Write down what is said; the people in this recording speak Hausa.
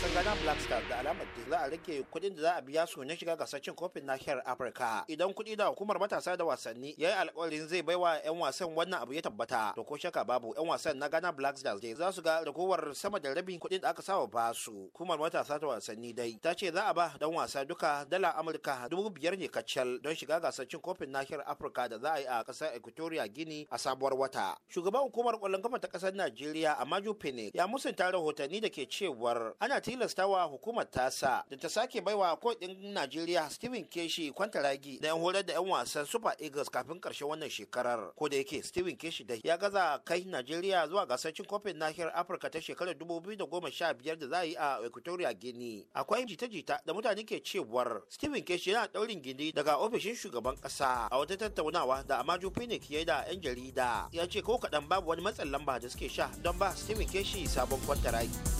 wasan Ghana Black Stars da alamar da za a rage kuɗin da za a biya su ne shiga gasar cin kofin nahiyar Afirka. Idan kuɗi da hukumar matasa da wasanni ya yi alkawarin zai baiwa 'yan wasan wannan abu ya tabbata. To ko shaka babu 'yan wasan na Ghana Black Stars dai za su ga ragowar sama da rabin kuɗin da aka sawa ba su. Hukumar matasa da wasanni dai ta ce za a ba dan wasa duka dala Amurka dubu biyar ne kacal don shiga gasar cin kofin nahiyar Afirka da za a yi a kasar Equatoria gini a sabuwar wata. Shugaban hukumar kwallon kafa ta ƙasar Najeriya Amaju Pene ya musanta rahotanni da ke cewar ana tilastawa hukumar tasa da ta sake baiwa kodin Najeriya Steven Keshi kwantaragi da yan horar da yan wasan Super Eagles kafin karshen wannan shekarar. Ko da yake Steven Keshi da ya gaza kai Najeriya zuwa gasar cin kofin nahiyar Afirka ta shekarar 2015 da za a yi a Equatorial Guinea. Akwai jita-jita da mutane ke cewar Steven Keshi yana daurin gindi daga ofishin shugaban kasa a wata tattaunawa da Amaju Phoenix ya da 'yan jarida. Ya ce ko kaɗan babu wani matsin lamba da suke sha don ba Steven Keshi sabon kwantaragi.